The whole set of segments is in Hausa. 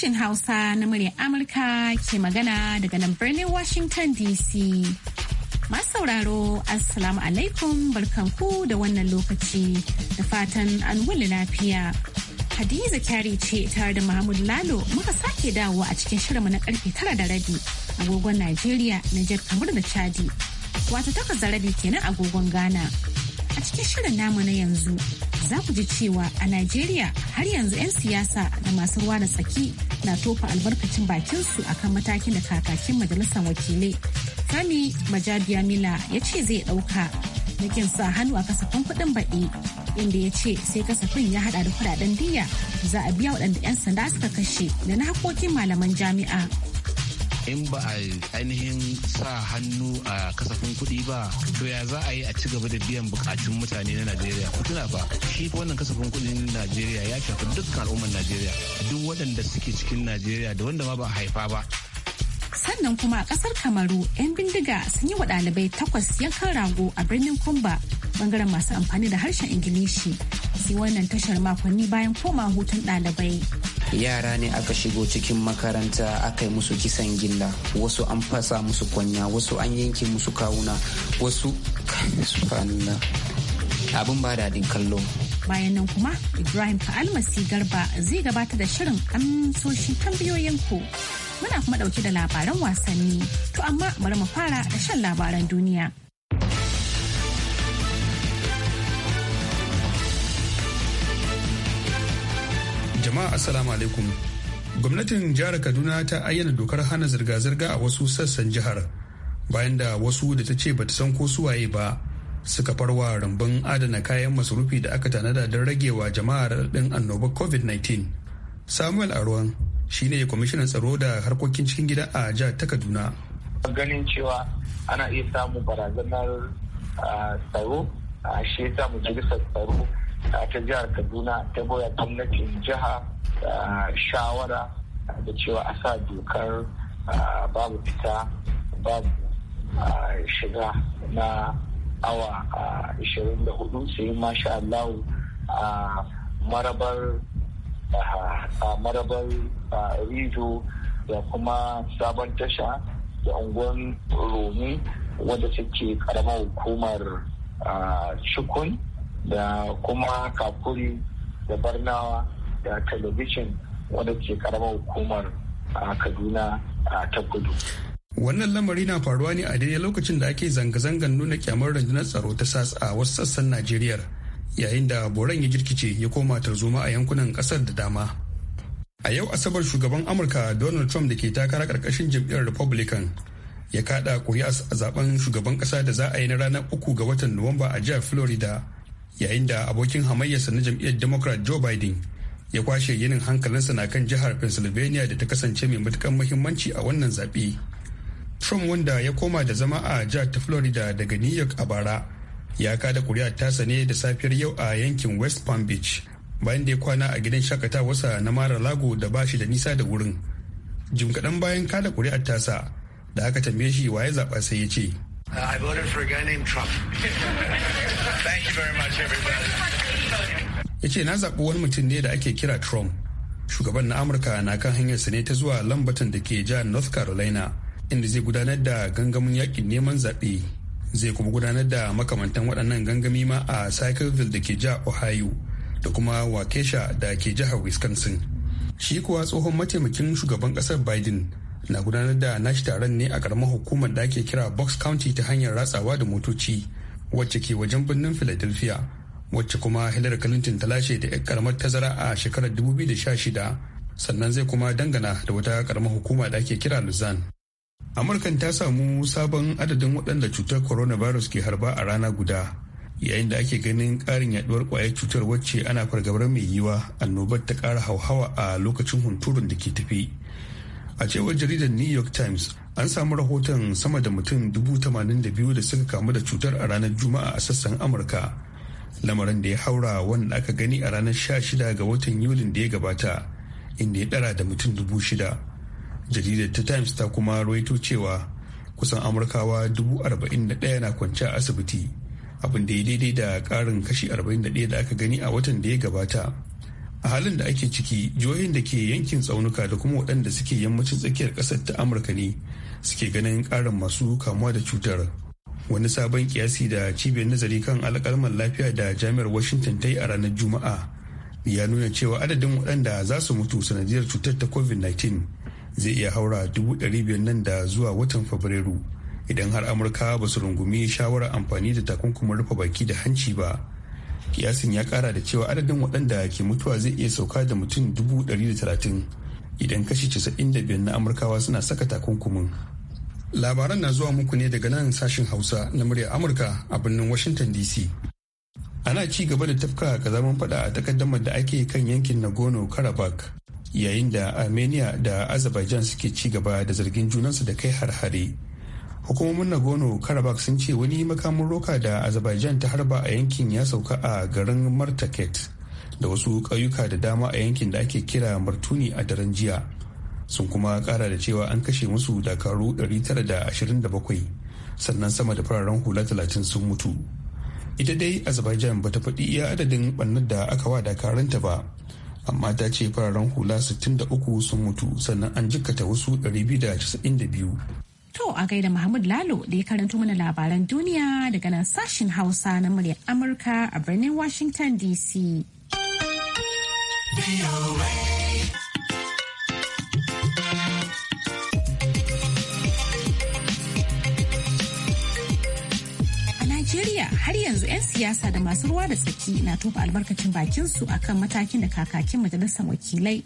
sashen Hausa na murya Amurka ke magana daga nan birnin Washington DC. Masu sauraro, Assalamu alaikum barkanku da wannan lokaci da fatan an wuli lafiya. Hadiza kyari ce tare da Mahmud Lalo muka sake dawo a cikin shirinmu na karfe tara da rabi agogon Najeriya, jar Kamar da Chadi. Wato takwas da rabi kenan agogon Ghana. A cikin shirin namu na yanzu za ku ji cewa a Najeriya har yanzu 'yan siyasa da masu ruwa da tsaki na tofa albarkacin bakin su akan matakin da kakakin majalisar wakilai sami majabiya mila ya ce zai dauka nakin sa hannu a kasafin kuɗin baɗi inda ya ce sai kasafin ya hada da kudaden diya za a biya waɗanda 'yan sanda suka kashe da na hakokin malaman jami'a in ba a ainihin sa hannu a kasafin kuɗi ba to ya za a yi a ci gaba da biyan bukatun mutane na najeriya ku tuna ba shi wannan kasafin kuɗin najeriya ya shafi dukkan al'ummar najeriya duk waɗanda suke cikin najeriya da wanda ma ba haifa ba sannan kuma a kasar kamaru 'yan bindiga sun yi wa ɗalibai takwas yankan rago a birnin kumba bangaren masu amfani da harshen ingilishi sai wannan tashar makonni bayan koma hutun ɗalibai yara ne aka shigo cikin makaranta aka yi musu kisan gilla wasu an fasa musu kwanya wasu an yanke musu kawuna wasu abin ba daɗin kallo bayan nan kuma ibrahim almasi garba zai gabata da shirin amsoshin ku muna kuma ɗauke da labaran wasanni to amma bari mu fara da shan labaran duniya Jama'a Assalamu alaikum. Gwamnatin jihar Kaduna ta ayyana dokar hana zirga-zirga a wasu sassan jihar bayan da wasu da ta ce bata san ko suwaye ba suka farwa rumbun adana kayan masarufi da aka tanada don ragewa jama'a raɗaɗin annobar COVID-19. Samuel Arwan shine kwamishinan tsaro da harkokin cikin gida a jihar ta Kaduna. Ganin cewa ana iya samun barazanar ah, tsaro a ah, shi ya samu jirgin tsaro ta jihar kaduna ta goya gwamnatin jiha shawara da cewa a sa dokar babu fita babu shiga na awa 24 sai masha Allah a marabar marabar rido da kuma sabon tasha da unguwan romi wadda take karamar hukumar cikun da kuma kakuri da barnawa da talabijin wanda ke karamar hukumar a kaduna ta kudu wannan lamari na faruwa ne a daidai lokacin da ake zanga zangan nuna kyamar rundunar tsaro ta sas a wasu sassan najeriya yayin da boran ya jirkice ya koma tarzoma a yankunan kasar da dama a yau asabar shugaban amurka donald trump da ke takara karkashin jam'iyyar republican ya kada kuri'a a zaben shugaban kasa da za a yi na ranar uku ga watan nuwamba a jihar florida yayin da abokin hamayyarsa na jam'iyyar democrat joe biden ya kwashe yinin hankalinsa na kan jihar pennsylvania da ta kasance mai matukan muhimmanci a wannan zaɓe trump wanda ya koma da zama a jihar ta florida daga new york a bara ya kada kuri'a tasa ne da safiyar yau a yankin west palm beach bayan da ya kwana a gidan shakatawarsa na mara lago da ba shi da nisa da wurin jim kaɗan bayan kada kuri'ar tasa da aka tambaye shi waye zaɓa sai ya ce Uh, I voted for a guy named Trump. Thank you very much, everybody. Ya na zaɓi wani mutum ne da ake kira Trump. Shugaban na Amurka na kan hanyarsa ne ta zuwa lambatan da ke jihar North Carolina inda zai gudanar da gangamin yakin neman zaɓe. Zai kuma gudanar da makamantan waɗannan gangami ma a Cycleville da ke jihar Ohio da kuma Wakesha da ke jihar Wisconsin. Shi kuwa tsohon mataimakin shugaban ƙasar Biden na gudanar da nashi taron ne a karamar hukumar da ake kira box county ta hanyar ratsawa da motoci wacce ke wajen birnin philadelphia wacce kuma hillary clinton ta lashe da 'yan karamar tazara a shekarar 2016 sannan zai kuma dangana da wata karamar hukuma da ake kira luzan amurkan ta samu sabon adadin waɗanda cutar coronavirus ke harba a rana guda yayin da ake ganin ƙarin yaduwar ƙwayar cutar wacce ana fargabar mai yiwa annobar ta ƙara hauhawa a lokacin hunturun da ke tafi a cewar jaridar new york times an samu rahoton sama da mutum 82,000 da suka kamu da cutar a ranar juma'a a sassan amurka lamarin da ya haura wanda aka gani a ranar shida ga watan yulin da ya gabata inda ya dara da mutum 6,000 jaridar ta times ta kuma rawaito cewa kusan amurkawa 41,000 na kwance a asibiti abin da ya daidai da karin kashi 41 da aka gani a watan da ya gabata a halin da ake ciki jihohin da ke yankin tsaunuka da kuma waɗanda suke yammacin tsakiyar ƙasar ta amurka ne suke ganin ƙarin masu kamuwa da cutar wani sabon kiyasi da cibiyar nazari kan alƙalman lafiya da jami'ar washington ta yi a ranar juma'a ya nuna cewa adadin waɗanda za su mutu sanadiyar cutar ta covid-19 zai iya haura dubu ɗari biyar nan da zuwa watan fabrairu idan har amurka ba su rungumi shawarar amfani da takunkumin rufe baki da hanci ba kiyasin ya kara da cewa adadin waɗanda ke mutuwa zai iya sauka da mutum dubu ɗari da talatin idan kashi casa'in da biyar na amurkawa suna saka takunkumin labaran na zuwa muku ne daga nan sashin hausa na muryar amurka a birnin washington dc ana ci gaba da tafka zaman fada a takaddamar da ake kan yankin nagorno karabakh yayin da armenia da azerbaijan suke ci gaba da zargin junansu da kai har-hare hukumomin nagorno karabakh sun ce wani makamin roka da azerbaijan ta harba a yankin ya sauka a garin martaket da wasu ƙauyuka da dama a yankin da ake kira martuni a daren jiya sun kuma kara da cewa an kashe musu dakaru 927 sannan sama da fararen hula 30 sun mutu ita dai azerbaijan ba ta faɗi iya adadin ɓannar da aka wa dakaranta ba amma ta ce fararen hula 63 sun mutu sannan an jikkata wasu 292 To a gaida Mahmud Lalo da ya karanto mana labaran duniya daga nan sashen Hausa na muryar Amurka a birnin Washington DC. A Najeriya har yanzu 'yan siyasa da masu ruwa da tsaki na tofa albarkacin bakinsu akan matakin da kakakin majalisar wakilai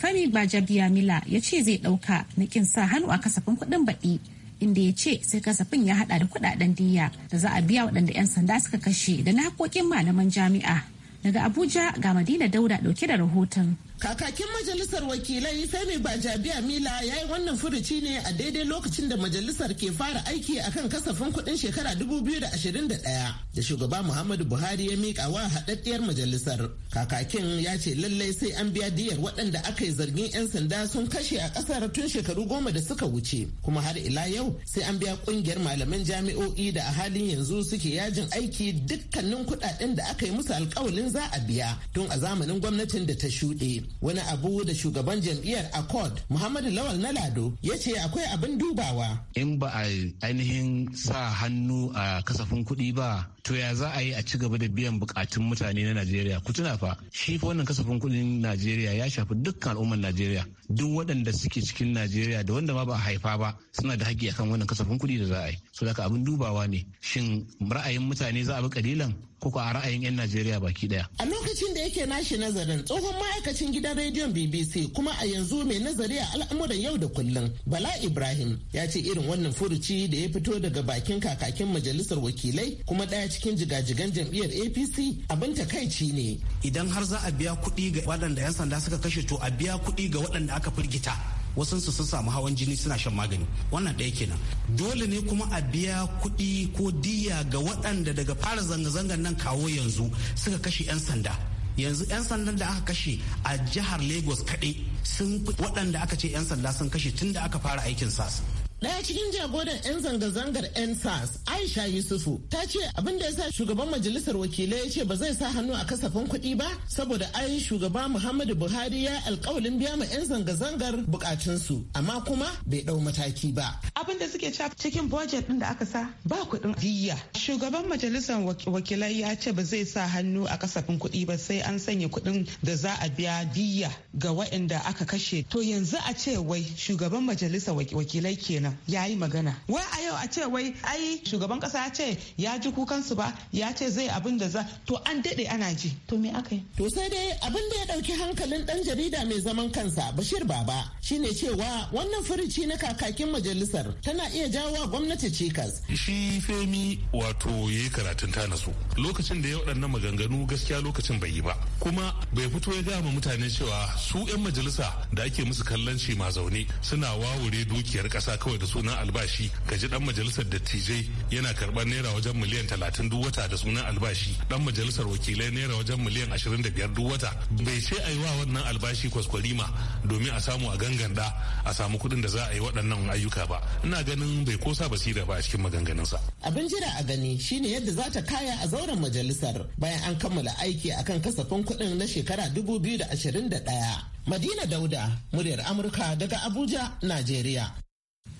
Fami Bajabiyamila ya ce zai ɗauka na kin sa hannu a kasafin kuɗin baɗi inda ya ce sai kasafin ya haɗa da kuɗaɗen diya da za a biya waɗanda 'yan sanda suka kashe da na haƙoƙin malaman jami'a daga abuja ga madina dauda ɗauke da rahoton Kakakin majalisar wakilai Femi Bajabiya Mila ya yi wannan furuci ne a daidai lokacin da majalisar ke fara aiki a kan kasafin kudin shekara 2021 da shugaba Muhammadu Buhari ya miƙa wa haɗaɗɗiyar majalisar. Kakakin ya ce lallai sai an biya diyar waɗanda aka yi zargin 'yan sanda sun kashe a ƙasar tun shekaru goma da suka wuce. Kuma har ila yau sai an biya ƙungiyar malaman jami'o'i da a halin yanzu suke yajin aiki dukkanin kuɗaɗen da aka yi musu alƙawalin za a biya tun a zamanin gwamnatin da ta shuɗe. wani abu da shugaban jam'iyyar accord muhammadu lawal na lado ya ce akwai abin dubawa in ba a ainihin sa hannu a kasafin kuɗi ba to ya za a yi a ci gaba da biyan bukatun mutane na najeriya ku tuna fa shi fa wannan kasafin kuɗin najeriya ya shafi dukkan al'ummar najeriya duk waɗanda suke cikin najeriya da wanda ma ba a haifa ba suna da haƙƙi akan wannan kasafin kuɗi da za a yi so daka abin dubawa ne shin ra'ayin mutane za a bi kalilan ko a ra'ayin 'yan Najeriya baki daya. A lokacin da yake nashi nazarin tsohon ma'aikacin gidan rediyon BBC kuma a yanzu mai nazari a al'amuran yau da kullum Bala Ibrahim ya ce irin wannan furuci da ya fito daga bakin kakakin majalisar wakilai kuma daya cikin jigajigan jam'iyyar APC abin takaici ne. Idan har za a biya kuɗi ga waɗanda 'yan sanda suka kashe to a biya kuɗi ga waɗanda aka firgita. wasu su sun samu hawan jini suna shan magani wannan ɗaya kenan dole ne kuma a biya kuɗi ko diya ga waɗanda daga fara zanga-zangar nan kawo yanzu suka kashe 'yan sanda yanzu 'yan sandan da aka kashe a jihar lagos kaɗai sun waɗanda aka ce 'yan sanda sun kashe tun da aka fara aikin sas Daya cikin jagoran 'yan zanga-zangar 'yan SARS, Aisha Yusufu, ta ce abin da ya sa shugaban majalisar wakilai ya ce ba zai sa hannu a kasafin kuɗi ba, saboda ai shugaba Muhammadu Buhari ya alkawalin biya ma 'yan zanga-zangar bukatunsu, amma kuma bai ɗau mataki ba. Abin da suke cikin budget ɗin da aka sa ba kuɗin diya. Shugaban majalisar wakilai ya ce ba zai sa hannu a kasafin kuɗi ba sai an sanya kuɗin da za a biya diya ga waɗanda aka kashe. To yanzu a ce wai shugaban majalisar wakilai kenan nan ya yi magana wai a yau a ce wai ai shugaban kasa ce ya ji kukan su ba ya ce zai abin da za to an dade ana ji to me aka yi to sai dai abin da ya dauki hankalin dan jarida mai zaman kansa bashir baba shine cewa wannan furuci na kakakin majalisar tana iya jawo gwamnati cikas shi femi wato yayi yi karatun ta nasu lokacin da ya waɗannan maganganu gaskiya lokacin bai yi ba kuma bai fito ya gama mutane cewa su 'yan majalisa da ake musu kallon shi ma zaune suna wawure dukiyar ƙasa kawai da sunan albashi ga ji dan majalisar dattijai yana karbar naira wajen miliyan talatin duk wata da sunan albashi dan majalisar wakilai naira wajen miliyan ashirin biyar duk wata bai ce a yi wa wannan albashi kwaskwarima domin a samu a ganganda a samu kuɗin da za a yi waɗannan ayyuka ba ina ganin bai kosa basira ba a cikin maganganunsa. abin jira a gani shine yadda za ta kaya a zauren majalisar bayan an kammala aiki akan kasafin kuɗin na shekara dubu da 2021 madina dauda muryar amurka daga abuja najeriya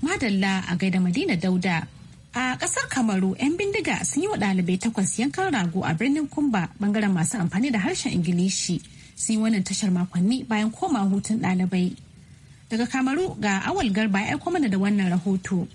Madalla a gaida Madina Dauda. A kasar Kamaru, 'yan bindiga sun yi wa ɗalibai takwas yankan rago a birnin Kumba bangaren masu amfani da harshen Ingilishi sun yi wannan tashar makonni bayan koma hutun ɗalibai. Daga Kamaru ga awal garba ya aiko mana da wannan rahoto.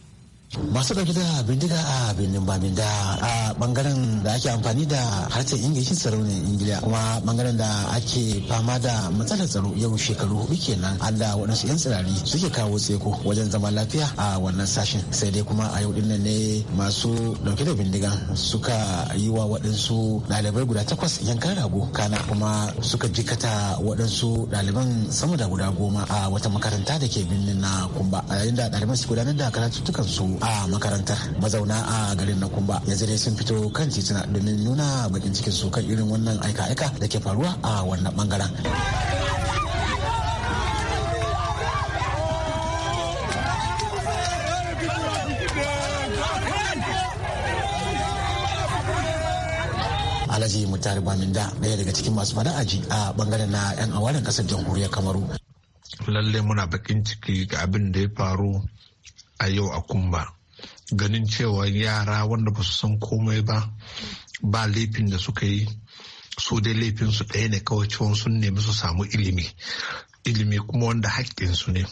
masu ɗauke da bindiga a birnin baminda a bangaren da ake amfani da harshen ingilishin sarauniyar ingila kuma bangaren da ake fama da matsalar tsaro yau shekaru hudu kenan da waɗansu 'yan tsirari suke kawo tseko wajen zama lafiya a wannan sashen sai dai kuma a yau ɗin nan ne masu ɗauke da bindiga suka yi wa waɗansu ɗalibai guda takwas yankan rago kana kuma suka jikata waɗansu ɗaliban sama da guda goma a wata makaranta da ke birnin na kumba a yayin da ɗaliban su gudanar da karatuttukan su a makarantar mazauna a garin na kumba yanzu dai sun fito kan titina domin nuna bakin cikin su kan irin wannan aika-aika da ke faruwa a wannan bangaren. Alhaji Mutari da daya daga cikin masu fada aji a bangaren na 'yan awalin kasar jamhuriyar Kamaru. Lalle muna bakin ciki ga abin da ya faru a yau a kumba ganin cewa yara wanda ba su san komai ba ba laifin da suka yi su dai laifin su ɗaya ne kawai ciwon sun nemi su samu ilimi ilimi kuma wanda haƙƙinsu ne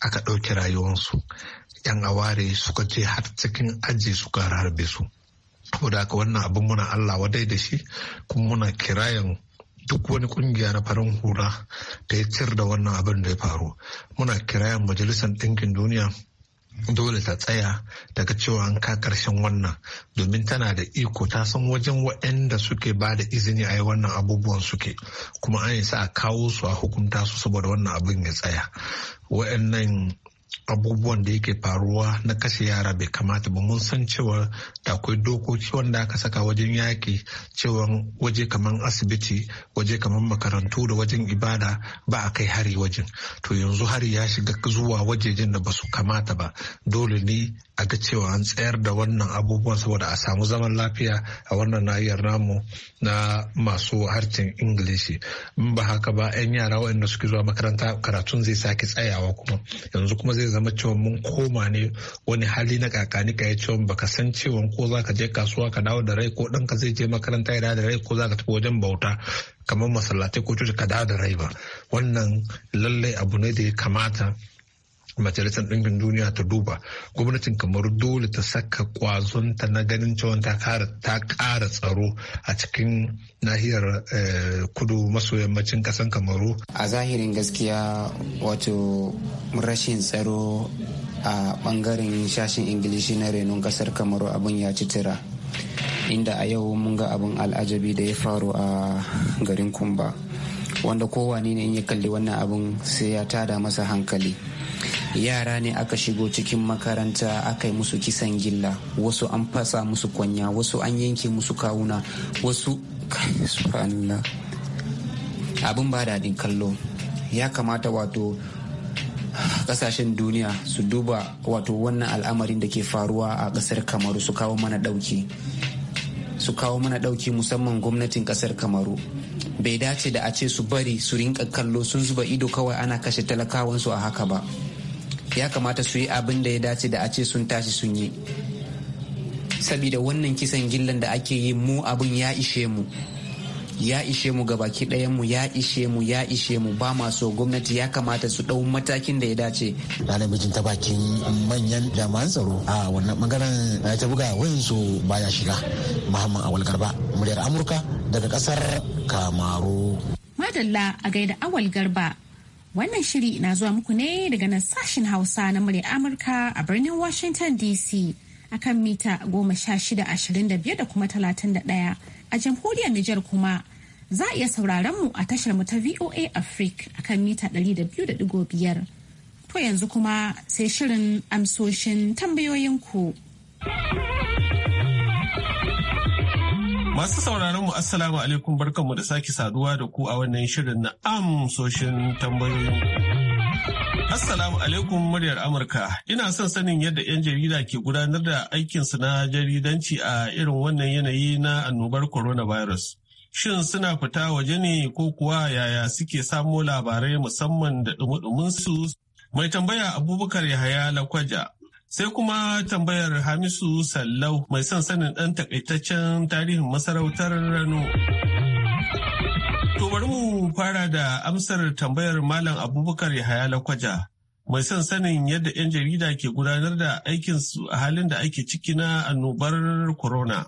aka ɗauki rayuwarsu yan aware suka ce har cikin aji suka harbe su saboda haka wannan abin muna allah wadai da shi kuma muna kirayen duk wani kungiya na farin hula da ya cir da wannan abin da ya faru muna kirayen majalisar ɗinkin duniya dole ta tsaya daga cewa an ka karshen wannan domin tana da iko ta san wajen waɗanda suke ba da izini a yi wannan abubuwan suke kuma an yi sa a kawo su a hukunta su saboda wannan abin ya tsaya waɗannan abubuwan da yake faruwa na kashe yara bai kamata ba mun san cewa da akwai dokoki wanda aka saka wajen yaki cewa waje kamar asibiti waje kamar makarantu da wajen ibada ba a kai hari wajen to yanzu hari ya shiga zuwa wajejen da ba su kamata ba dole ne a ga cewa an tsayar da wannan abubuwan saboda a samu zaman lafiya a wannan nahiyar namu na masu harshen ingilishi in ba haka ba 'yan yara waɗanda suke zuwa makaranta karatun zai sake tsayawa kuma yanzu kuma zai zama cewa mun koma ne wani hali na kakanika ya cewa baka san cewa ko za ka je kasuwa ka dawo da rai ko ɗanka zai je makaranta ya dawo da rai ko za ka tafi wajen bauta kamar masallatai ko coci ka dawo da rai ba wannan lallai abu ne da ya kamata majalisar ɗinkin duniya ta duba gwamnatin kamar dole ta saka kwazonta na ganin cewa ta ƙara tsaro a cikin nahiyar eh, kudu maso yammacin ƙasan kamaru a zahirin gaskiya wato rashin tsaro a ɓangaren shashin ingilishi na renon ƙasar kamaru abin ya ci tira inda a yau mun ga abin al'ajabi da ya faru a garin kumba wanda kowane ne in ya kalli wannan abin sai ya tada masa hankali yara ne aka shigo cikin makaranta aka yi musu kisan gilla wasu an fasa musu kwanya wasu an yanke musu kawuna wasu abin ba daɗin kallo ya kamata wato kasashen duniya su duba wato wannan al'amarin da ke faruwa a ƙasar kamaru su kawo mana ɗauki su kawo mana ɗauki musamman gwamnatin ƙasar kamaru bai dace da a ce su bari su rinka kallo sun zuba ido kawai ana kashe talakawansu a haka ba ya kamata su yi abin da ya dace da a ce sun tashi sun yi sabida wannan kisan gillan da ake yi mu abin ya ishe mu ya ishe mu gabaki mu ya ishe mu ya ishe mu ba masu gwamnati ya kamata su ɗau matakin da ya dace. Ranar mijin ta bakin manyan jami'an tsaro a wannan bangaren eh, ta buga wayansu baya shiga Muhammad Awal Garba muryar Amurka daga kasar Kamaru. Madalla a gaida Awal Garba Wannan shiri na zuwa muku ne daga nan sashen Hausa na muryar Amurka a birnin Washington DC akan mita goma sha shida ashirin da biyar da kuma talatin da ɗaya a jamhuriyar Nijar kuma za a iya sauraron mu a tashar mu ta VOA Africa akan mita ɗari da biyu da digo biyar. To yanzu kuma sai shirin amsoshin tambayoyinku. ku. Masu sauraron mu assalamu alaikum barkanmu da sake saduwa da ku a wannan shirin na amsoshin tambayoyi. Assalamu alaikum muryar Amurka. Ina son sanin yadda 'yan jarida ke gudanar da aikinsu na jaridanci a irin wannan yanayi na annobar coronavirus. Shin suna fita waje ne ko kuwa yaya suke samo labarai musamman da dumudumin su? Mai tambaya Abubakar Yahaya Lakwaja Sai kuma tambayar Hamisu Sallau mai son sanin ɗan takaitaccen tarihin masarautar Rano. To bari mu fara da amsar tambayar Malam Abubakar Yahaya Lakwaja. Mai son sanin yadda 'yan jarida ke gudanar da aikinsu a halin da ake ciki na annobar corona.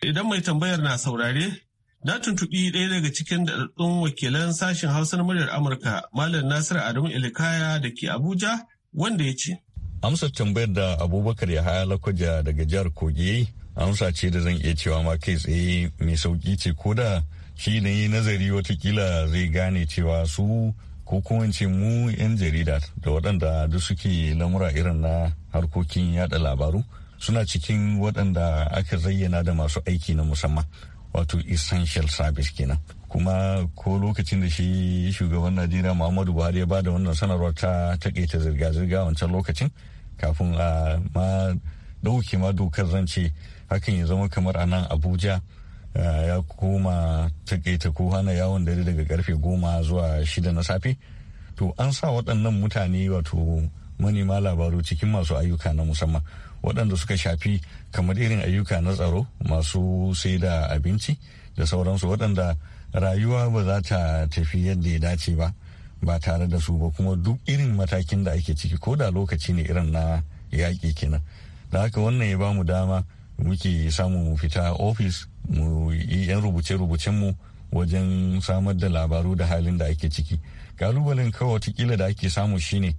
Idan mai tambayar na saurare, Na tuntuɓi ɗaya daga cikin daɗaɗɗun wakilan sashen Hausa na muryar Amurka, Malam Nasiru Adamu Ilikaya da ke Abuja, wanda ya ce. amsar tambayar da abubakar ya haya lakwaja daga jihar kogi amsa ce da zan iya cewa ma kai tsaye mai sauki ce ko da shi da yi nazari watakila zai gane cewa su ko kuma ce mu 'yan jarida da waɗanda duk suke lamura irin na harkokin yada labaru suna cikin waɗanda aka zayyana da masu aiki na musamman wato essential service kenan kuma ko lokacin da shi shugaban najeriya muhammadu buhari ya ba da wannan sanarwar ta takaita zirga-zirga wancan lokacin kafin a ma dauke ma dokar zance hakan ya zama kamar a nan abuja ya koma takaita ko hana yawon dare daga karfe goma zuwa shida na safe to an sa waɗannan mutane wato manema labaru cikin masu ayyuka na musamman waɗanda suka shafi kamar irin ayyuka na tsaro masu sai da abinci da sauransu waɗanda rayuwa ba za ta tafi yadda ya dace ba ba tare da su ba kuma duk irin matakin da ake ciki ko da lokaci ne irin na yaƙi kenan da haka wannan ya ba mu dama muke samu mu fita ofis mu yi 'yan rubuce-rubucen mu wajen samar da labaru da halin da ake ciki kalubalen kawai watakila da ake samu shine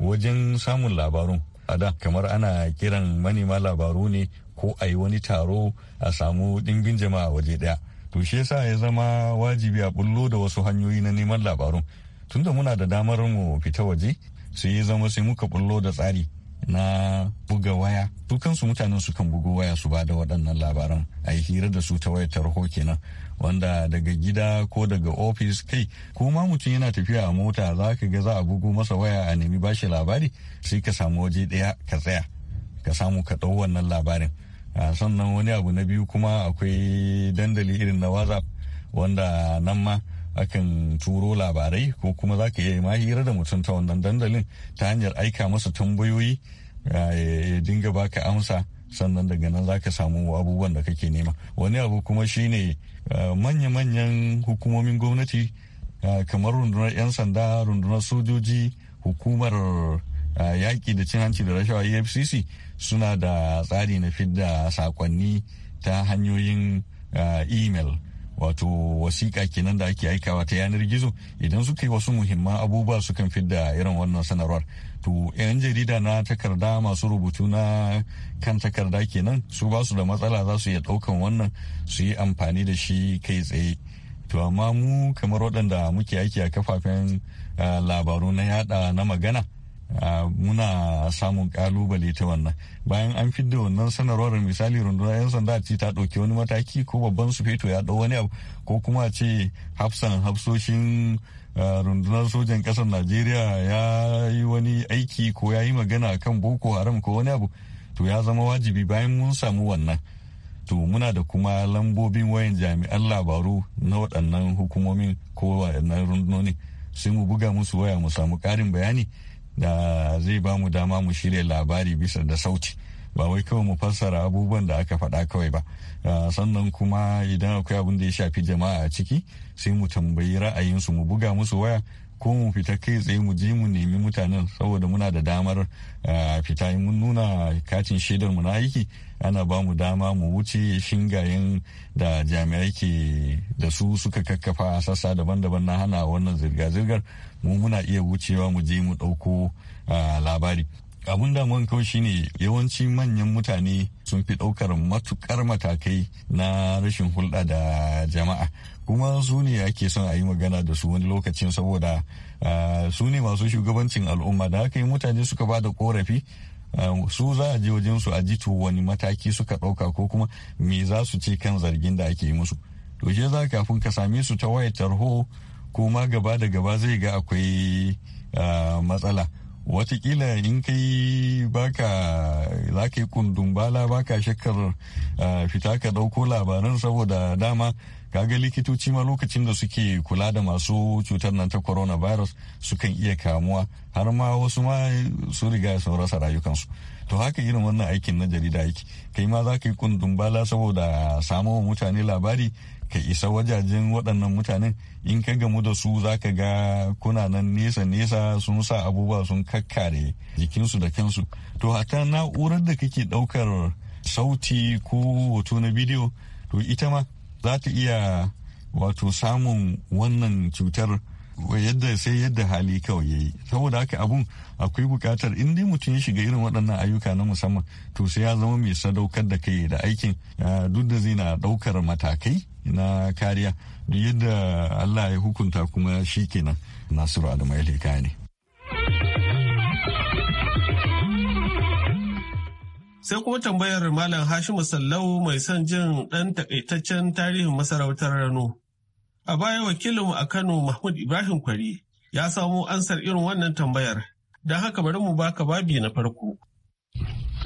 wajen samun labarun a da kamar ana kiran manema labaru ne ko a yi wani taro a samu dingin jama'a waje daya to shi yasa ya zama wajibi a bullo da wasu hanyoyi na neman labarun tunda muna da damar mu fita waje su yi zama sai muka bullo da tsari na buga waya dukansu mutanen su kan bugu waya su ba da waɗannan labaran a yi hira da su ta wayar tarho kenan wanda daga gida ko daga ofis kai ko ma mutum yana tafiya a mota za ka ga za a bugu masa waya a nemi bashi labari sai ka samu waje ɗaya ka tsaya ka samu ka ɗau wannan labarin sannan wani abu na biyu kuma akwai dandali irin na wazaf. wanda nan ma akan turo labarai ko kuma za ka iya ma hira da mutum ta wannan dandalin ta hanyar aika masa tambayoyi ya dinga baka amsa sannan daga nan za ka samu abubuwan da kake nema wani abu kuma shine manya-manyan hukumomin gwamnati kamar rundunar 'yan sanda rundunar sojoji hukumar yaƙi da cin hanci da rashawa efcc suna da tsari na fidda sakonni ta hanyoyin email wato wasiƙa kenan da ake aikawa ta yanar gizo idan suka yi wasu muhimman abubuwa sukan fidda irin wannan sanarwar to 'yan jarida na takarda masu rubutu na kan takarda kenan su ba su da matsala za su iya ɗaukan wannan su yi amfani da shi kai tsaye to amma mu kamar waɗanda muke aiki a kafafen ah, labaru na yada na magana muna samun kalubale ta wannan bayan an fi da wannan sanarwar misali rundunar 'yan sanda a ce ta ɗauki wani mataki ko babban su feto ya ɗau wani abu ko kuma ce hafsan hafsoshin rundunar sojan ƙasar najeriya ya yi wani aiki ko ya yi magana kan boko haram ko wani abu to ya zama wajibi bayan mun samu wannan to muna da kuma lambobin wayan jami'an labaru na waɗannan hukumomin ko rundunoni sai mu buga musu waya mu samu ƙarin bayani da zai ba mu dama mu shirya labari bisa da sauti ba wai kawai mu fassara abubuwan da aka faɗa kawai ba ah, sannan kuma idan akwai abin da ya shafi jama'a a ciki sai mu tambayi ra'ayinsu mu buga musu waya ko mu fita kai tsaye mu je mu nemi mutanen saboda muna da damar fita mun nuna katin shaidar mu na aiki ana ba mu dama mu wuce shingayen da jami'ai ke da su suka kakkafa a sassa daban-daban na hana wannan zirga-zirgar mu muna iya wucewa mu je mu ɗauko labari abun damuwan kawai shine yawanci manyan mutane sun fi ɗaukar matukar matakai na rashin hulɗa da jama'a kuma su ne ake son a yi magana da su wani lokacin saboda su ne masu shugabancin al'umma da haka yi mutane suka ba da korafi su za a je wajen su a jito wani mataki suka ɗauka ko kuma me za su ce kan zargin da ake yi musu to shi za kafin ka same su ta wayar tarho ma gaba da gaba zai ga akwai matsala watakila in kai baka za ka yi kundumbala baka shakkar fita ka ɗauko labaran saboda dama kaga likitoci ma lokacin da suke kula da masu cutar nan ta coronavirus sukan iya kamuwa har ma wasu ma su riga sun rasa rayukansu to haka irin wannan aikin na jarida yake kai ma za ka yi kundin bala saboda samo mutane labari ka isa wajajen waɗannan mutanen in ka gamu da su za ka ga kuna nan nesa nesa sun sa abubuwa sun kakkare jikinsu da kansu to ta na'urar da kake ɗaukar sauti ko hoto na bidiyo to ita ma za ta iya wato samun wannan cutar yadda sai yadda hali kawai ya yi saboda haka abun akwai bukatar in dai mutum ya shiga irin waɗannan ayyuka na musamman to sai ya zama mai sadaukar da kai da aikin duk da zai na ɗaukar matakai na kariya da yadda allah ya hukunta kuma shi kenan nasiru adamu ya ne Sai kuma tambayar Malam Hashimu Sallau mai son jin ɗan takaitaccen tarihin masarautar Rano. A baya wakilinmu a Kano Mahmud Ibrahim Kwari ya samo ansar irin wannan tambayar. Don haka bari mu baka babi na farko.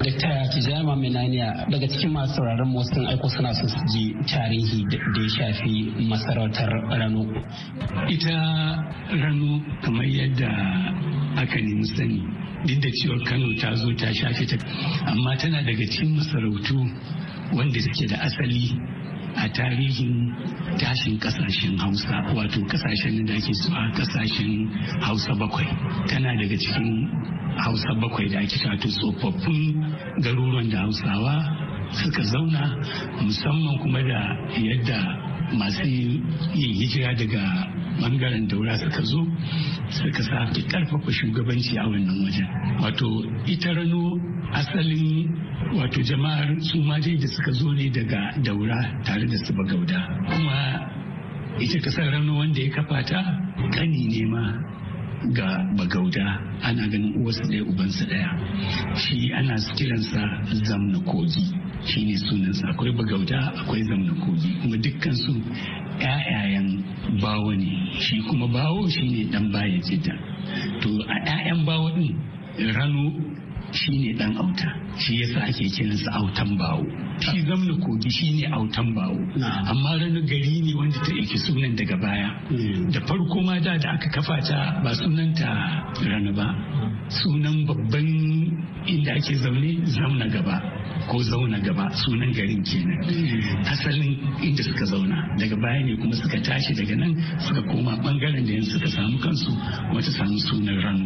Dakta Tijjani Maminaniya daga cikin masu sauraron mu sun aiko suna so su ji tarihi da ya shafi masarautar Rano. Ita Rano kamar yadda aka nemi sani duk da cewa kano ta zo ta shafe ta amma tana daga cikin masarautu wanda suke da asali a tarihin tashin kasashen hausa wato kasashen da ake a kasashen hausa bakwai tana daga cikin hausa bakwai da ake tsofaffin garuruwan da hausawa suka zauna musamman kuma da yadda masu yin hijira daga bangaren daura suka zo suka sake karfafa shugabanci a wannan wajen wato ita rano asalin wato jama'ar su da suka zo ne daga daura tare da su bagauda kuma ita kasar rano wanda ya kafa ta kani ne ma ga bagauda ana ganin uwarsa ɗaya ubansa ɗaya shi ana kiransa zamna kogi shi ne sunansa akwai bagauda akwai zamna kogi kuma dukkan su ƴaƴayen bawo ne shi kuma bawo shine ɗan baya jidda to a ƴaƴan bawo ɗin rano shi ne dan auta shi yasa ake kiran kiransa autan bawo shi zamna kogi shi ne autan bawo amma ranar gari ne wanda ta ɗauki sunan daga baya hmm. da farko ma da aka kafa ta ba sunanta rana ba sunan babban inda ake zaune zauna gaba ko zauna gaba sunan garin kenan hmm. asalin inda suka zauna daga baya ne kuma suka tashi daga nan suka koma bangaren da yanzu suka samu kansu wata samu sunan ranu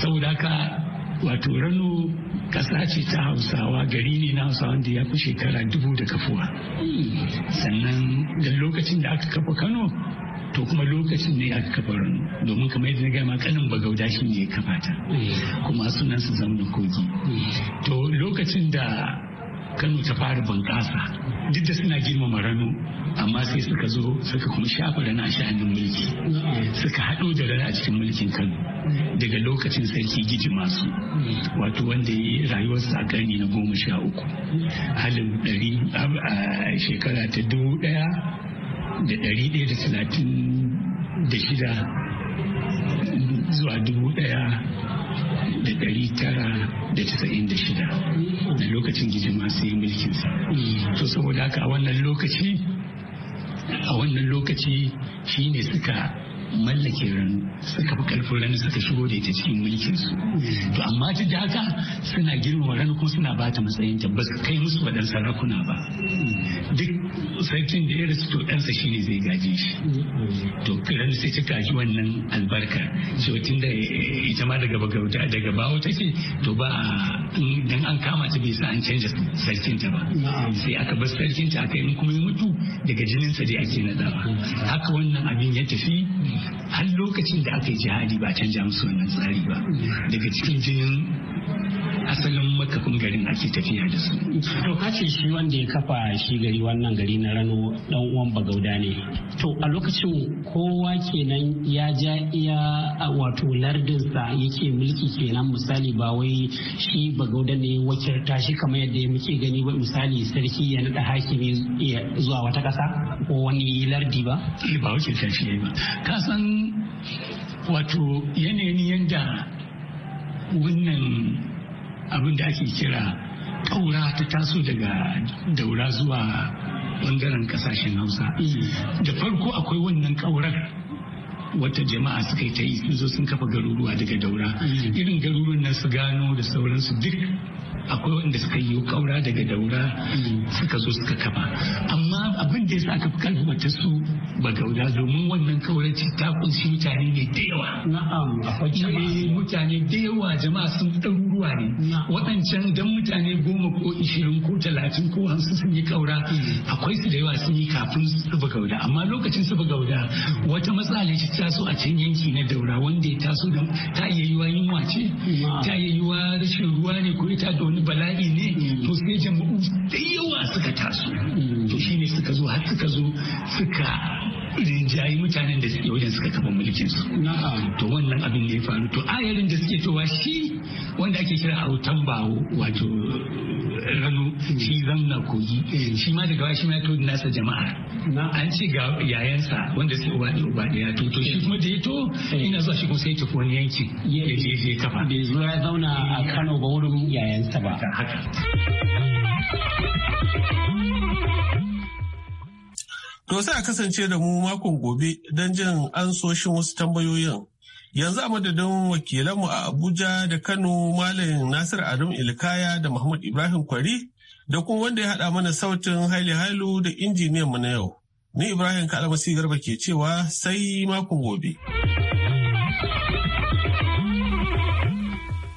saboda haka wato rano ƙasa ce ta hausawa gari ne na hausawa da ya fi shekara dubu da kafuwa sannan da lokacin da aka kafa kano to kuma lokacin ne aka kafa rano domin kamar yadda na gama kanin bagauda shi ne ya kafa ta mm. kuma sunan su da kogi mm. to lokacin da Kano ta fara bunƙasa duk da suna girmama rano amma sai suka zo suka kuma shafa rana a sha'anin mulki suka haɗu da rana a cikin mulkin Kano daga lokacin sarki giji masu wato wanda ya yi rayuwarsa a ƙarni na goma sha uku halin ɗari a shekara ta dubu ɗaya da ɗari ɗaya da talatin da shida zuwa dubu ɗaya da ɗari tara da casa'in da shida da lokacin yin mulkin mulkinsa to saboda haka a wannan lokaci a wannan lokaci shine suka mallake ranu suka fi karfin ranu suka shigo da ita cikin mulkin su to amma ta da haka suna girma ranu kuma suna ba ta matsayin ta ba su kai musu wadan sarakuna ba duk sarkin da ya rasu to ɗansa shine zai gaji shi to ranu sai ta kaji wannan albarka so tun da ita ma daga bagauta daga bawo ta ce to ba dan an kama ta bisa an canja sarkinta ba sai aka bar sarkinta aka yi kuma ya mutu daga jininsa dai ake nadawa haka wannan abin ya tafi 你。lokacin da aka yi jihadi ba canja musu wannan tsari ba daga cikin jinin asalin makafin garin ake tafiya da su. To kace shi wanda ya kafa shi gari wannan gari na rano dan uwan bagauda ne. To a lokacin kowa kenan ya ja iya wato lardinsa yake mulki kenan misali ba wai shi bagauda ne wakilta shi kamar yadda muke gani ba misali sarki ya naɗa hakimi zuwa wata kasa ko wani lardi ba. Ba wakilta shi ba. Ka san wato yanayin yadda wannan abin da ake kira ƙaura ta taso daga daura zuwa bangaren kasashen hausa mm. da farko akwai wannan ƙaurar wata jama'a suka yi ta yi sun zo sun kafa garuruwa daga daura mm. irin garuruwan na su gano da sauransu duk akwai wanda suka yi kaura daga daura suka zo suka kafa amma abin da yasa aka fi su ba gauda domin wannan kaurace ta kunshi mutane ne da yawa na'am akwai mutane da yawa jama'a sun ɗaruruwa ne waɗancan dan mutane goma ko ishirin ko talatin ko hamsin sun yi kaura mm. akwai su da yawa sun yi kafin su gauda amma lokacin su gauda wata matsala ce so a can yanki na daura wanda ya taso da ta iya yiwa yunwa ce ta iya yiwa rashin ruwa ne ko ta wani bala'i ne to sai jama'u da yawa suka taso to ne suka zo har suka zo suka rinjayi mutanen da suke wajen suka kafa mulkin su to wannan abin ne ya faru to ayarin da suke towa shi wanda ake kira autan bawo wato rano hmm. shi zanna kogi hmm. shi ma daga shi ma ya todi nasa jama'a an ce ga yayansa wanda sai uba da uba da ya toto shi kuma da ya to hmm. ina zuwa shi kuma sai tafi wani yanki ya je je kafa bai zo ya zauna a Kano ba wurin yayansa ba To sai a kasance da mu makon gobe don jin an soshin wasu tambayoyin Yanzu a madadin wakilanmu a Abuja da Kano Malam Nasir Adam Ilkaya da Muhammad Ibrahim Kwari da kuma wanda ya haɗa mana sautin haili hailu da injiniyan mu na yau. Ni Ibrahim Kalamasi Garba ke cewa sai makon gobe.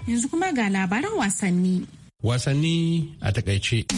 Yanzu kuma ga labaran wasanni. Wasanni a takaice.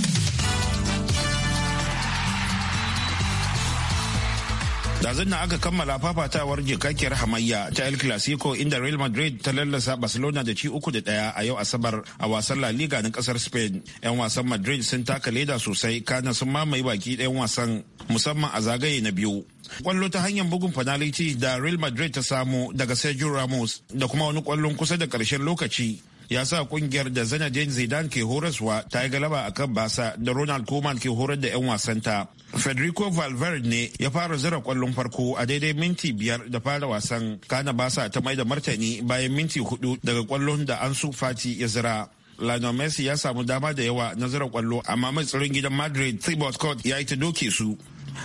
zan na aka kammala fafatawar jikakkiyar hamayya ta El Clasico inda Real Madrid ta lallasa Barcelona da ci uku da daya a yau Asabar a wasan La Liga na kasar Spain. 'Yan wasan Madrid sun taka leda sosai kana sun mamaye baki ɗayan wasan musamman a zagaye na biyu. Kwallo ta hanyar bugun fanaliti da Real Madrid ta samu daga Sergio Ramos da kuma wani kwallon kusa da karshen lokaci ya sa kungiyar da zanadin zidane ke horaswa ta yi galaba a kan basa da ronald koeman ke horar da 'yan wasanta federico valverde ne ya fara zira kwallon farko a daidai minti biyar da fara wasan kana basa ta mai da martani bayan minti hudu daga kwallon da an su fati ya zira Lionel Messi ya samu dama da yawa na zira kwallo amma mai tsaron gidan Madrid Thibaut Court ya yi ta doke su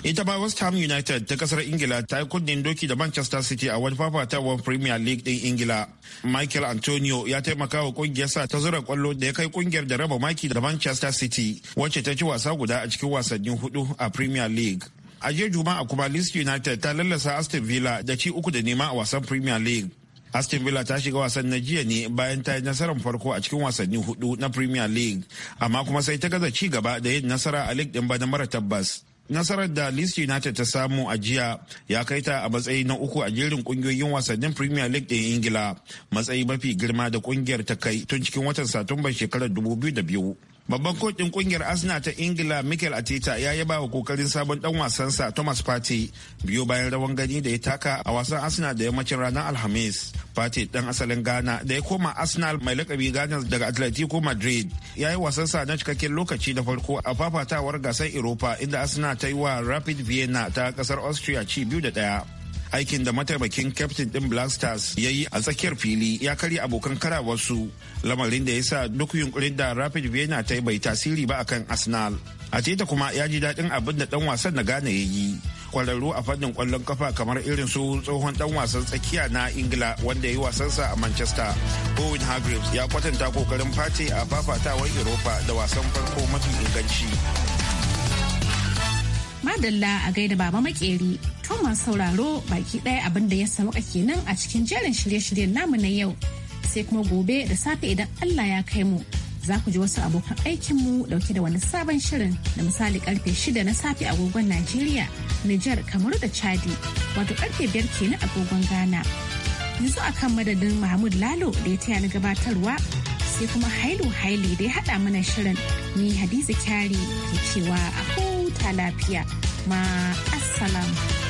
ita ba west ham united ta kasar ingila ta yi kundin doki da manchester city a wani fafatawar premier league din ingila michael antonio ya taimaka wa sa ta zura kwallo da ya kai kungiyar da raba maki da manchester city wacce ta ci wasa guda a cikin wasannin hudu a premier league a jiya juma'a kuma leeds united ta lallasa aston villa da ci uku da nema a wasan premier league aston villa ta shiga wasan na jiya ne bayan ta yi nasarar farko a cikin wasanni hudu na premier league amma kuma sai ta gaza ci gaba da yin nasara a league din bana mara tabbas nasarar da leeds united ta samu a jiya ya kai ta a matsayi na uku a jerin kungiyoyin wasannin premier league ɗin ingila matsayi mafi girma da kungiyar ta kai tun cikin watan satumban shekarar 2002 Babban kokin kungiyar Arsenal ta Ingila Mikel Arteta ya yaba wa kokarin sabon dan wasansa Thomas Partey biyo bayan rawan gani da ya taka a wasan Arsenal da yammacin ranar Alhamis. Partey dan asalin Ghana da ya koma Arsenal mai lakabi Ghana daga Atletico Madrid ya yi wasansa na cikakken lokaci da farko a fafatawar gasar Europa inda Arsenal ta yi wa Rapid Vienna ta kasar Austria ci biyu da ɗaya. aikin da mataimakin captain din black stars ya yi a tsakiyar fili ya karya abokan kara wasu lamarin da ya sa duk yunkurin da rapid vienna ta yi bai tasiri ba akan arsenal a ta kuma ya ji daɗin abin da ɗan wasan na gane ya yi kwararru a fannin kwallon kafa kamar irin su tsohon dan wasan tsakiya na ingila wanda ya yi wasansa a manchester owen hargreaves ya kwatanta kokarin fati a fafatawar europa da wasan farko mafi inganci Madalla a gaida baba makeri to sauraro baki ɗaya abinda da ya sauka kenan a cikin jerin shirye-shiryen namu na yau sai kuma gobe da safe idan Allah ya kai mu za ku ji wasu abokan aikinmu dauke da wani sabon shirin da misali karfe shida na safe agogon Najeriya, niger kamar da Chadi wato karfe 5 kenan agogon Ghana. Yanzu a kan madadin Mahmud Lalo da ya taya na gabatarwa sai kuma Hailu Haili da ya haɗa mana shirin ni Hadiza Kyari ke cewa a huta lafiya. Ma assalamu.